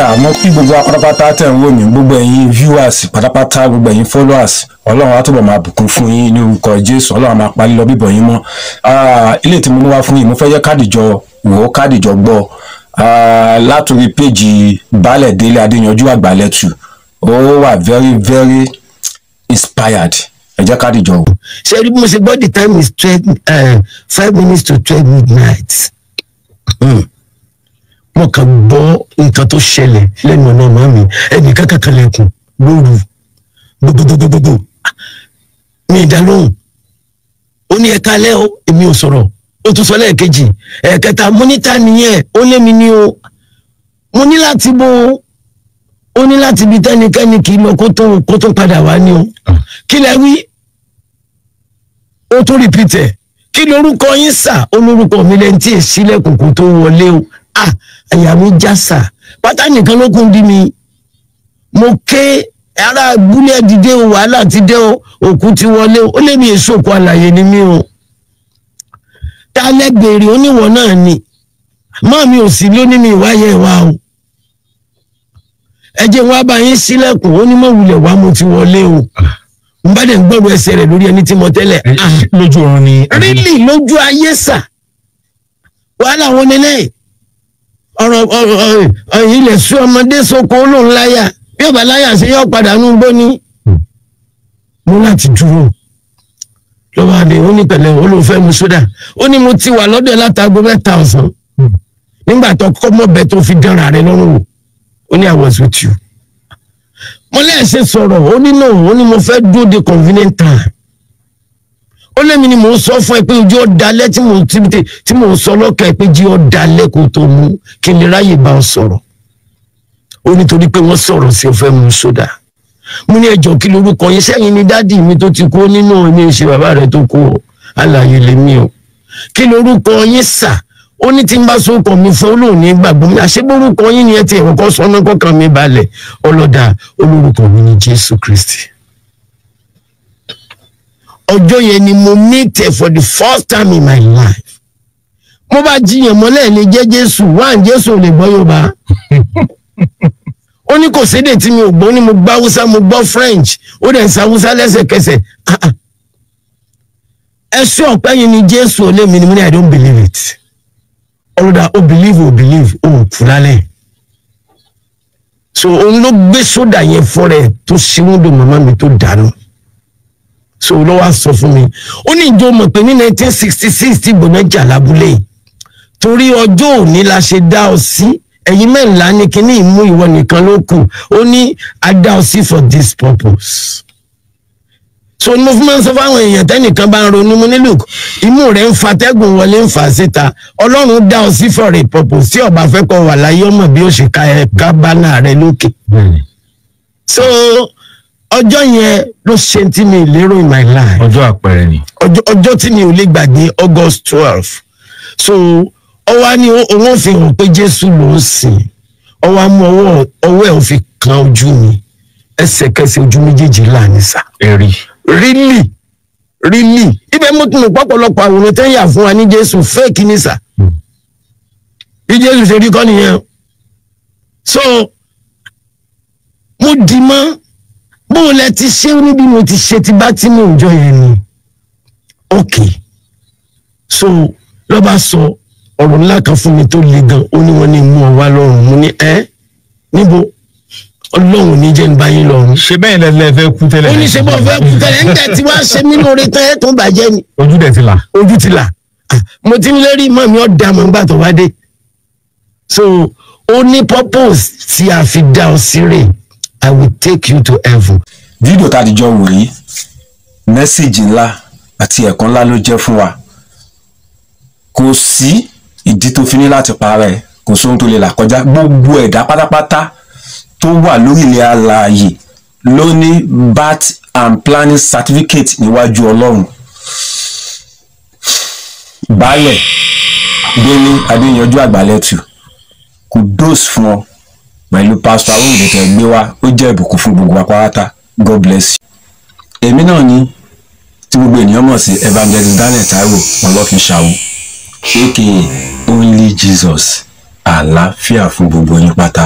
dáa mo kí gbogbo apátápátá tẹ̀ ń wò mí gbogbo ẹ̀yin viewers pátápátá gbogbo ẹ̀yin followers ọlọ́run á túbọ̀ máa bùkún fún yín ní orúkọ jésù ọlọ́run máa parí lọ bíbọ̀ yín mọ́ ilé tí mo ní wá fún yín mo fẹ́ yẹ kádìjọ wò ó kádìjọ gbọ́ látòrí péjì baálẹ̀ délé adéyanjú àgbàlẹ́tù ó wà very very inspired ẹ jẹ́ kádìjọ wò. ṣé rí mo ṣe gbọ́ the time is twelve uh, five minutes to twelve midnight. Hmm mo kàn gbọ́ nǹkan tó ṣẹlẹ̀ lẹ́nu ọ̀nà màá mi ẹnìkan kankan lẹ́kùn lóru gbogbogbogbogbò mi ìdálóhùn ó ní ẹ̀ka alẹ́ o èmi ò sọ̀rọ̀ ó tún sọ lẹ́ẹ̀kejì ẹ̀ẹ̀kẹta mọ́nítà nìyẹn ó lé mi ní o mo ní láti bó o ó ní láti ibi tẹ́nikẹ́ni kì í lọ kó tó kó tó padà wá ní o ah. kí lẹ wí ó tún rìpítẹ̀ kí lorúkọ yín sà ó lórúkọ mi lẹ́ni tí èsì lẹ́kùn kó tó wọlé o àyà ah, mi já sà pátá nìkan ló kún mi mo ké ara abúlé dìde o wàhálà ti de o òkú ti wọlé o ó lè mi èso òkú àlàyé ni mí o ta lẹgbèrè oníwọ náà ni ma mi ò lo lóní mi ìwáyé wa o eje jẹ́ wá bá yín sílẹ̀kùn ó ní mọ̀ mo ti wọlé o n bá dẹ̀ ń gbọ́dọ̀ ẹsẹ̀ rẹ̀ lórí ẹni tí mo ah! lójú ọ̀run ni. rílì lójú ayé sà wàhálà wọn nílẹ̀ ọ̀rọ̀ ọ̀rọ̀ ilẹ̀ sú ọmọdé sóko olóhùn láyà bí ọba láyà ṣe yọ padà ń gbó ní. mo láti dúró ló wà ó ní pẹ̀lẹ́ olùfẹ́ mu sódà ó ní mo ti wà lọ́dọ̀ látago mẹ́ta ọ̀sán nígbà tó kọ́ mọ́bẹ tó fi dánra rẹ lọ́rùn wò ó ní I was with you. mo ṣe sọ̀rọ̀ ó ní náà ó ní mo fẹ́ dúró de convenient time ó lémi ni mò ń sọ fún ẹ pé ojú ọ̀dàlẹ̀ tí mò ń tí mò ń sọ lọ́kàn ẹ pé jí ọ̀dàlẹ̀ kò tó mú kí ni ráyè bá ń sọ̀rọ̀ ó nítorí pé wọ́n sọ̀rọ̀ sí ọ̀fẹ́ mu sódà mo ní ẹjọ́ kí lorúkọ yín sẹ́yìn ni dádì mi tó ti kú nínú ilé iṣẹ́ bàbá rẹ̀ tó kú ọ alàyè lèmi o kí lorúkọ yín sà ó ní tí n bá sókàn mi fún olóòní gbàgbọ́ mi àṣegbórúkọ yín ni ẹ ti ẹ̀kọ́ sọ́nà kọ́kàn mi balẹ̀ ọlọ́dà olórúkọ mi ni Jésù Kristi ọjọ́ yẹn ni mo meet her for the first time in my life mo bá jiyàn mọ́lẹ̀ lè jẹ́ jésù wá jésù ò lè gbọ́ yorùbá ó ní kò sédè tí mi ò gbọ́ ó mo gbọ́ haúsá mo gbọ́ french ó dẹ̀ ń sa haúsá lẹ́sẹ̀kẹsẹ̀ ah, ah. ẹṣú ọ̀pẹ́ yìí ni jésù ò lè mi ni mo ní i don't believe it ọlọ́dà ó believe ó believe ó kú lálẹ́ so òun ló gbé sódà yẹn fún rẹ̀ tó ṣe wúndò màmá mi tó dànù so ló wá sọ fún mi ó ní ìjọ mọ̀ pé ní nineteen sixty six tí gbọ̀nà jà lábúlé torí ọjọ́ òní la ṣe dá ọ sí ẹ̀yin mẹ́rìnlá ní kíní ìmú ìwọ nìkan ló kù ó ní a dá ọ sí for this purpose so mo fi máa ń sọ fáwọn èèyàn tẹ́nìkan bá ń ronú mu ní look imú rẹ̀ ń fatẹ́gùn wọlé ń fà síta ọlọ́run dá ọ sí for a purpose tí ọba fẹ́ kọ wà láyé ọmọ bí ó ṣe ka ẹ̀ ká bá náà rẹ lókè so. Mm -hmm ọjọ́ yẹn ló ṣe tí mi lérò in my life. ọjọ́ àpẹẹrẹ ni. ọjọ́ tí mi ò lè gbàgbé august twelve so ọwá ni òun fi hàn pé jésù ló ń sìn ọwá mú ọwọ́ ọwọ́ ẹ̀ ń fi kan ojú mi ẹsẹ̀kẹsẹ̀ ojú méjèèjì láàánú sá. ẹ̀rí. rílì rílì ibẹ̀ mo tún pọ̀pọ̀lọpọ̀ àwòrán tẹ́ ń yà fún wa ní jésù fẹ́ẹ̀kì ní sá. Hmm. bí jésù ṣe rí kọ́ nìyẹn so mo dì mọ́ bó o lẹ ti ṣe wí bí mo ti ṣe ti bá tí mò ń yẹn ni ok so ló bá sọ ọ̀rọ̀ ńlá kan fún mi tó le gan ó ní wọ́n ní mú ọ wá lọ́rùn mo ní ẹ́ níbo ọlọ́run ní jẹ́ ń bá yín lọ́rùn. ṣé bẹ́ẹ̀ lẹ lẹ fẹ́ kú tẹ́lẹ̀. ó ní ṣe bọ́ fẹ́ kú tẹ́lẹ̀ nígbà tí wàá ṣe mí lóore tán ẹ̀ tó bàjẹ́ ni. ojú dẹ̀ ti là. ojú ti là mo ti ń lérí mọ́ mi ọ́ da mọ́ nígbà tó wá dé. so ó ní purpose tí a fi dá ọ sí rèé I will take you to heaven. Fídíò tá a ti jọ wò yìí, mẹ́sìgì ńlá àti ẹ̀kọ́ ńlá ló jẹ́ fún wa. Kò sí ìdí tó fi ní láti para ẹ̀, kò sóhun tó lè là kọjá. Gbogbo ẹ̀dá pátápátá tó wà lórí ilẹ̀ alààyè ló ní birth and planning certificate níwájú Ọlọ́run. Baálẹ̀ Délé Adéyanjú Àgbàlẹ́tù kò dóòsì fún ọ pẹ̀lú pásítọ̀ awóyèdè tẹ̀ gbé wá ó jẹ́ ìbùkún fún gbogbo apáráta god bless you. èmi náà ni tí gbogbo ènìyàn mọ̀ sí evangelist daniel taiwo ọlọ́kìnṣàwò aka only jesus àlàáfíà fún gbogbo yín pátá.